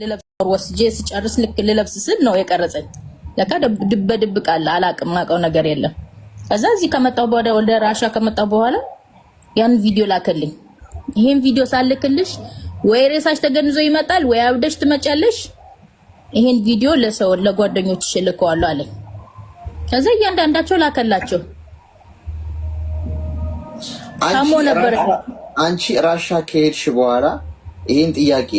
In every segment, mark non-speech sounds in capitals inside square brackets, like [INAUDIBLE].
ልለብስ ወስጄ ስጨርስ ልክ ልለብስ ስል ነው የቀረጸኝ። ለካ በድብቅ አለ አላቅም፣ ማውቀው ነገር የለም። ከዛ እዚህ ከመጣሁ በኋላ ወደ ራሻ ከመጣሁ በኋላ ያን ቪዲዮ ላከልኝ። ይሄን ቪዲዮ ሳልክልሽ ወይ ሬሳሽ ተገንዞ ይመጣል ወይ አብደሽ ትመጫለሽ። ይሄን ቪዲዮ ለሰው ለጓደኞችሽ እልከዋለሁ አለኝ። ከዛ እያንዳንዳቸው ላከላቸው። ታሞ ነበር። አንቺ ራሻ ከሄድሽ በኋላ ይህን ጥያቄ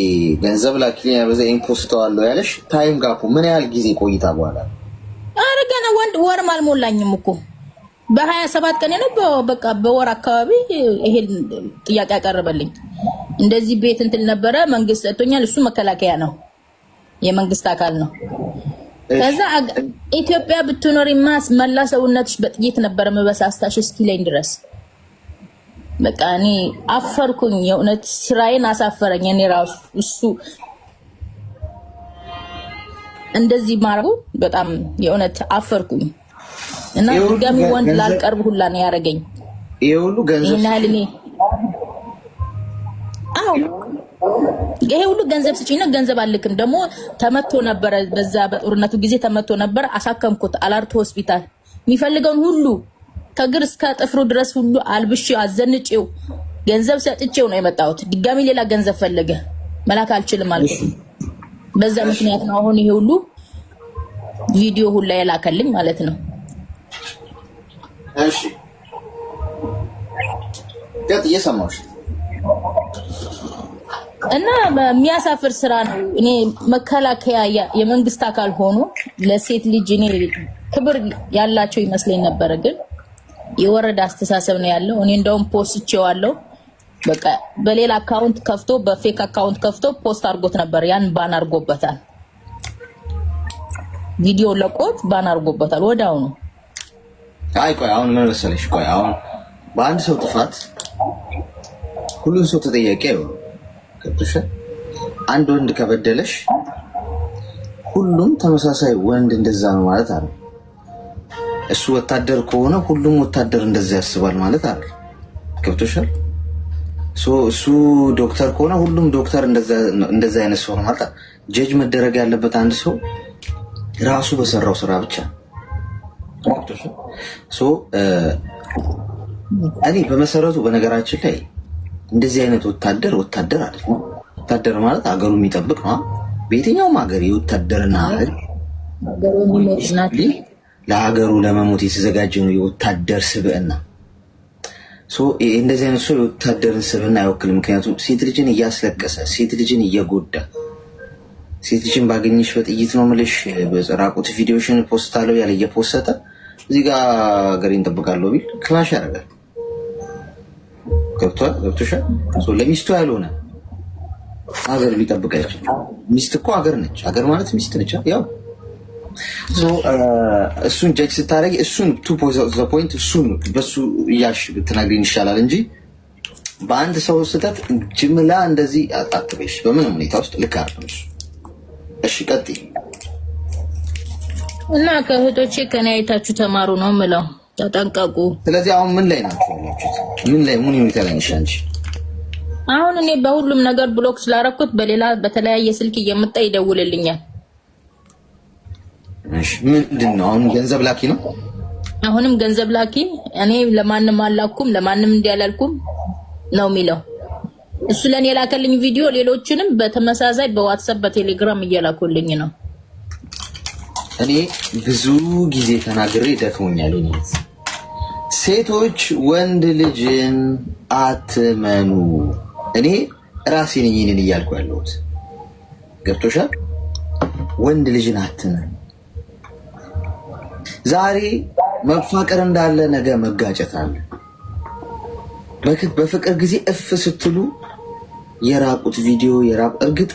ገንዘብ ላኪልኝ በዛ ኢምፖስተዋለሁ ያለሽ ታይም ጋፑ ምን ያህል ጊዜ ቆይታ በኋላ? ኧረ ገና ወንድ ወርም አልሞላኝም እኮ በሀያ ሰባት ቀን ነው። በቃ በወር አካባቢ ይሄን ጥያቄ ያቀርበልኝ እንደዚህ ቤት እንትል ነበረ መንግስት ሰጥቶኛል። እሱ መከላከያ ነው፣ የመንግስት አካል ነው። ከዛ ኢትዮጵያ ብትኖሪ ማስ መላ ሰውነትሽ በጥይት ነበረ መበሳስታሽ እስኪ ላይ ድረስ በቃ እኔ አፈርኩኝ። የእውነት ስራዬን አሳፈረኝ። እኔ ራሱ እሱ እንደዚህ ማረቡ በጣም የእውነት አፈርኩኝ እና ድጋሚ ወንድ ላልቀርብ ሁላ ነው ያደረገኝ። ሁሉ ገንዘብ ይሄ ሁሉ ገንዘብ ስጪኝ ነው ገንዘብ አልክም። ደግሞ ተመቶ ነበረ፣ በዛ በጦርነቱ ጊዜ ተመቶ ነበር። አሳከምኩት አላርት ሆስፒታል የሚፈልገውን ሁሉ ከግር እስከ ጥፍሩ ድረስ ሁሉ አልብሽ አዘንጭው ገንዘብ ሰጥቼው ነው የመጣሁት። ድጋሚ ሌላ ገንዘብ ፈለገ መላክ አልችልም አልኩት። በዛ ምክንያት ነው አሁን ይሄ ሁሉ ቪዲዮ ሁላ የላከልኝ ማለት ነው። እሺ እየሰማሁሽ እና የሚያሳፍር ስራ ነው። እኔ መከላከያ የመንግስት አካል ሆኖ ለሴት ልጅ እኔ ክብር ያላቸው ይመስለኝ ነበረ ግን የወረደ አስተሳሰብ ነው ያለው። እኔ እንደውም ፖስትቼዋለሁ። በቃ በሌላ አካውንት ከፍቶ በፌክ አካውንት ከፍቶ ፖስት አድርጎት ነበር። ያን ባን አድርጎበታል። ቪዲዮ ለቆት ባን አድርጎበታል። ወዳው ነው። አይ ቆይ አሁን ምን መሰለሽ፣ ቆይ አሁን በአንድ ሰው ጥፋት ሁሉን ሰው ተጠያቂ አይሆንም። አንድ ወንድ ከበደለሽ ሁሉም ተመሳሳይ ወንድ እንደዛ ነው ማለት አለ እሱ ወታደር ከሆነ ሁሉም ወታደር እንደዚ ያስባል ማለት አለ። ገብቶሻል? እሱ ዶክተር ከሆነ ሁሉም ዶክተር እንደዚ አይነት ሰው ነው ማለት ጀጅ መደረግ ያለበት አንድ ሰው ራሱ በሰራው ስራ ብቻ እኔ በመሰረቱ በነገራችን ላይ እንደዚህ አይነት ወታደር ወታደር አለ። ወታደር ማለት አገሩ የሚጠብቅ ነው። በየትኛውም ሀገር የወታደርና ለሀገሩ ለመሞት የተዘጋጀ ነው የወታደር ስብዕና። እንደዚህ አይነት ሰው የወታደርን ስብዕና አይወክልም። ምክንያቱም ሴት ልጅን እያስለቀሰ ሴት ልጅን እየጎዳ ሴት ልጅን ባገኘሽ በጥይት ነው ምልሽ በራቁት ቪዲዮሽን ፖስታለው ያለ እየፖሰተ እዚህ ጋ ሀገሬን እንጠብቃለሁ ቢል ክላሽ ያደርጋል። ገብቷል ገብቶሻል። ለሚስቱ ያልሆነ ሀገር ሊጠብቅ አይችል። ሚስት እኮ ሀገር ነች። ሀገር ማለት ሚስት ነች ያው Uh, እሱን ጀጅ ስታደረግ እሱን ቱ ፖይንት እሱን በሱ እያልሽ ብትናግሪን ይሻላል እንጂ በአንድ ሰው ስህተት ጅምላ እንደዚህ አጣጥበሽ በምንም ሁኔታ ውስጥ ልክ አይደለም እሺ ቀጥይ እና ከእህቶቼ ከኔ አይታችሁ ተማሩ ነው ምለው፣ ተጠንቀቁ። ስለዚህ አሁን ምን ላይ ናቸው ምን ላይ ምን ሁኔታ ላይ ነሽ አንቺ? አሁን እኔ በሁሉም ነገር ብሎክ ስላረኩት በሌላ በተለያየ ስልክ እየመጣ ይደውልልኛል። ነሽ? ምንድን ነው አሁን ገንዘብ ላኪ ነው? አሁንም ገንዘብ ላኪ። እኔ ለማንም አላኩም፣ ለማንም እንዲያላልኩም ነው የሚለው እሱ ለእኔ የላከልኝ ቪዲዮ። ሌሎችንም በተመሳሳይ በዋትሳፕ በቴሌግራም እየላኩልኝ ነው። እኔ ብዙ ጊዜ ተናግሬ ደክሞኛል። ሴቶች ወንድ ልጅን አትመኑ። እኔ ራሴን ይህንን እያልኩ ያለሁት ገብቶሻል። ወንድ ልጅን አትመኑ። ዛሬ መፋቀር እንዳለ ነገ መጋጨት አለ። በፍቅር ጊዜ እፍ ስትሉ የራቁት ቪዲዮ የራቁ እርግጥ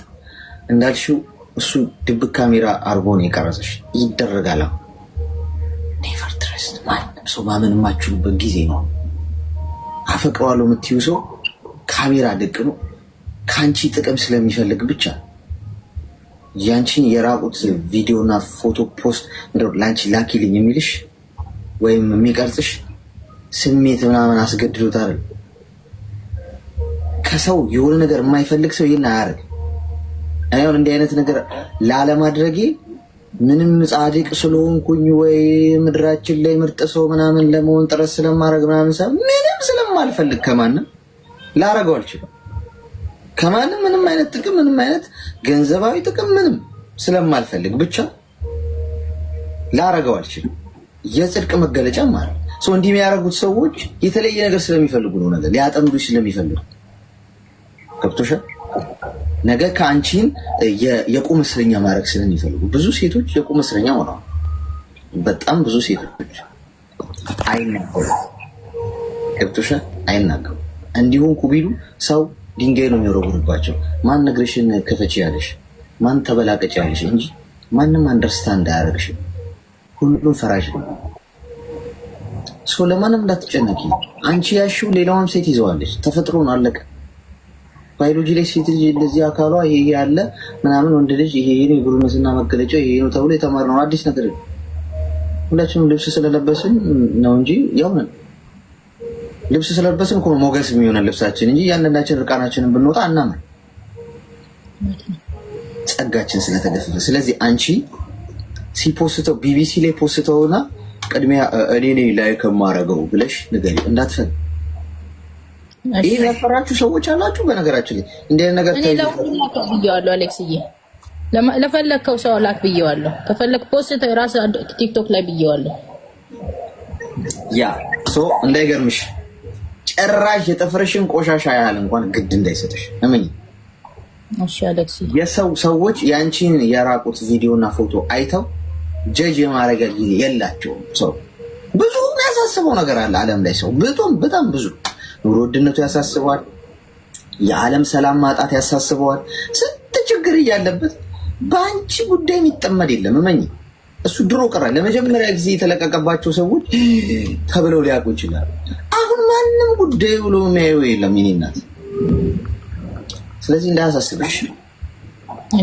እንዳልሽው እሱ ድብቅ ካሜራ አርጎ ነው የቀረጸሽ። ይደረጋል። ኔቨር ትረስት ማንም ሰው ማመን የማችሉበት ጊዜ ነው። አፈቅረዋለሁ የምትዩ ሰው ካሜራ ደቅኖ ከአንቺ ጥቅም ስለሚፈልግ ብቻ ያንቺን የራቁት ቪዲዮና ፎቶ ፖስት እንደው ላንቺ ላኪልኝ የሚልሽ ወይም የሚቀርጽሽ ስሜት ምናምን አስገድዶታል። ከሰው የሆነ ነገር የማይፈልግ ሰው ይህን አያደርግ። እኔ አሁን እንዲህ አይነት ነገር ላለማድረጌ ምንም ጻድቅ ስለሆንኩኝ ወይ ምድራችን ላይ ምርጥ ሰው ምናምን ለመሆን ጥረት ስለማድረግ ምናምን ምንም ስለማልፈልግ ከማንም ላረገው አልችልም። ከማንም ምንም አይነት ጥቅም ምንም አይነት ገንዘባዊ ጥቅም ምንም ስለማልፈልግ ብቻ ላረገው አልችልም። የጽድቅ መገለጫ ማለት ሰው እንዲህ የሚያደርጉት ሰዎች የተለየ ነገር ስለሚፈልጉ ነው። ነገር ሊያጠምዱ ስለሚፈልጉ ከብቶሻል። ነገ ከአንቺን የቁም እስረኛ ማድረግ ስለሚፈልጉ ብዙ ሴቶች የቁም እስረኛ ሆነዋል። በጣም ብዙ ሴቶች አይናገሩ፣ ከብቶሻል፣ አይናገሩ እንዲሁም ኩቢሉ ሰው ድንጋይ ነው የሚወረውርባቸው። ማን ነግረሽን ክፈች ያለሽ ማን ተበላቀጭ ያለሽ እንጂ ማንም አንደርስታንድ አያደርግሽም። ሁሉም ፈራሽ ነው። ሶ ለማንም እንዳትጨነቂ። አንቺ ያሽው ሌላዋም ሴት ይዘዋለች። ተፈጥሮ ነው አለቀ። ባዮሎጂ ላይ ሴት ልጅ እንደዚህ አካሏ ይሄ ያለ ምናምን ወንድ ልጅ ይሄ ነው የብሩነትና መገለጫ ይሄ ነው ተብሎ የተማርነው አዲስ ነገር ሁላችንም ልብስ ስለለበስን ነው እንጂ ያው ነን። ልብስ ስለለበስን እኮ ሞገስ የሚሆነ ልብሳችን እንጂ እያንዳንዳችን እርቃናችንን ብንወጣ አናምን ጸጋችን ስለተገፈፈ። ስለዚህ አንቺ ሲፖስተው ቢቢሲ ላይ ፖስተውና ቅድሚያ እኔ ነኝ ላይ ከማረገው ብለሽ ንገሪ እንዳትፈል። ይህ ያፈራችሁ ሰዎች አላችሁ። በነገራችን ላይ እንዲህ ነገር ብያዋለሁ፣ አሌክስዬ ለፈለግከው ሰው ላክ ብያዋለሁ። ከፈለግ ፖስት ራስ ቲክቶክ ላይ ብያዋለሁ። ያ እንዳይገርምሽ ጭራሽ የጥፍርሽን ቆሻሻ ያህል እንኳን ግድ እንዳይሰጥሽ እመኝ። የሰው ሰዎች የአንቺን የራቁት ቪዲዮና ፎቶ አይተው ጀጅ የማድረጊያ ጊዜ የላቸውም። ሰው ብዙ ያሳስበው ነገር አለ ዓለም ላይ ሰው ብቶም በጣም ብዙ ኑሮ ውድነቱ ያሳስበዋል። የዓለም ሰላም ማጣት ያሳስበዋል። ስንት ችግር እያለበት በአንቺ ጉዳይ የሚጠመድ የለም። እመኝ እሱ ድሮ ቀረ። ለመጀመሪያ ጊዜ የተለቀቀባቸው ሰዎች ተብለው ሊያውቁ ይችላሉ። ማንም ጉዳይ ብሎ የሚያየው የለም የእኔ እናት። ስለዚህ እንዳያሳስብሽ።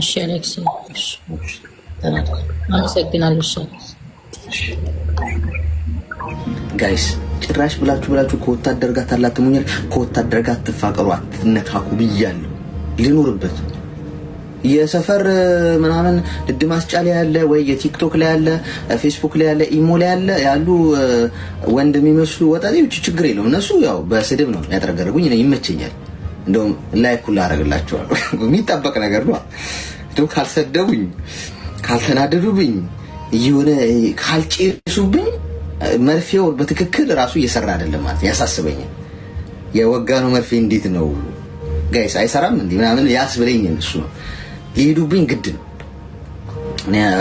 እሺ አሌክስ፣ አመሰግናለሁ። ጋይስ ጭራሽ ብላችሁ ብላችሁ ከወታደር ጋር ታላትሙኛል። ከወታደር ጋር አትፋቀሩ፣ አትነካኩ ብያለሁ። ሊኖርበት የሰፈር ምናምን ድድ ማስጫ ላይ ያለ ወይ የቲክቶክ ላይ ያለ ፌስቡክ ላይ ያለ ኢሞ ላይ ያለ ያሉ ወንድ የሚመስሉ ወጣቶች ችግር የለውም። እነሱ ያው በስድብ ነው ያጥረገረጉኝ። እኔ ይመቸኛል። እንደውም ላይክ ሁላ አደርግላቸዋለሁ። [LAUGHS] የሚጠበቅ ነገር ነው። እንደው ካልሰደቡኝ፣ ካልተናደዱብኝ፣ እየሆነ ካልጨሱብኝ መርፌው በትክክል ራሱ እየሰራ አይደለም ማለት ያሳስበኛል። የወጋኑ መርፌ እንዴት ነው ጋይስ አይሰራም እንዲ ምናምን ያስብለኝ እሱ ነው። ሊሄዱብኝ ግድ ነው።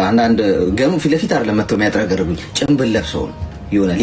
አንዳንድ ገሙ ፊት ለፊት አይደለም መጥተው የሚያጥረገርብኝ ጭንብል ለብሰውን ነው ይሆናል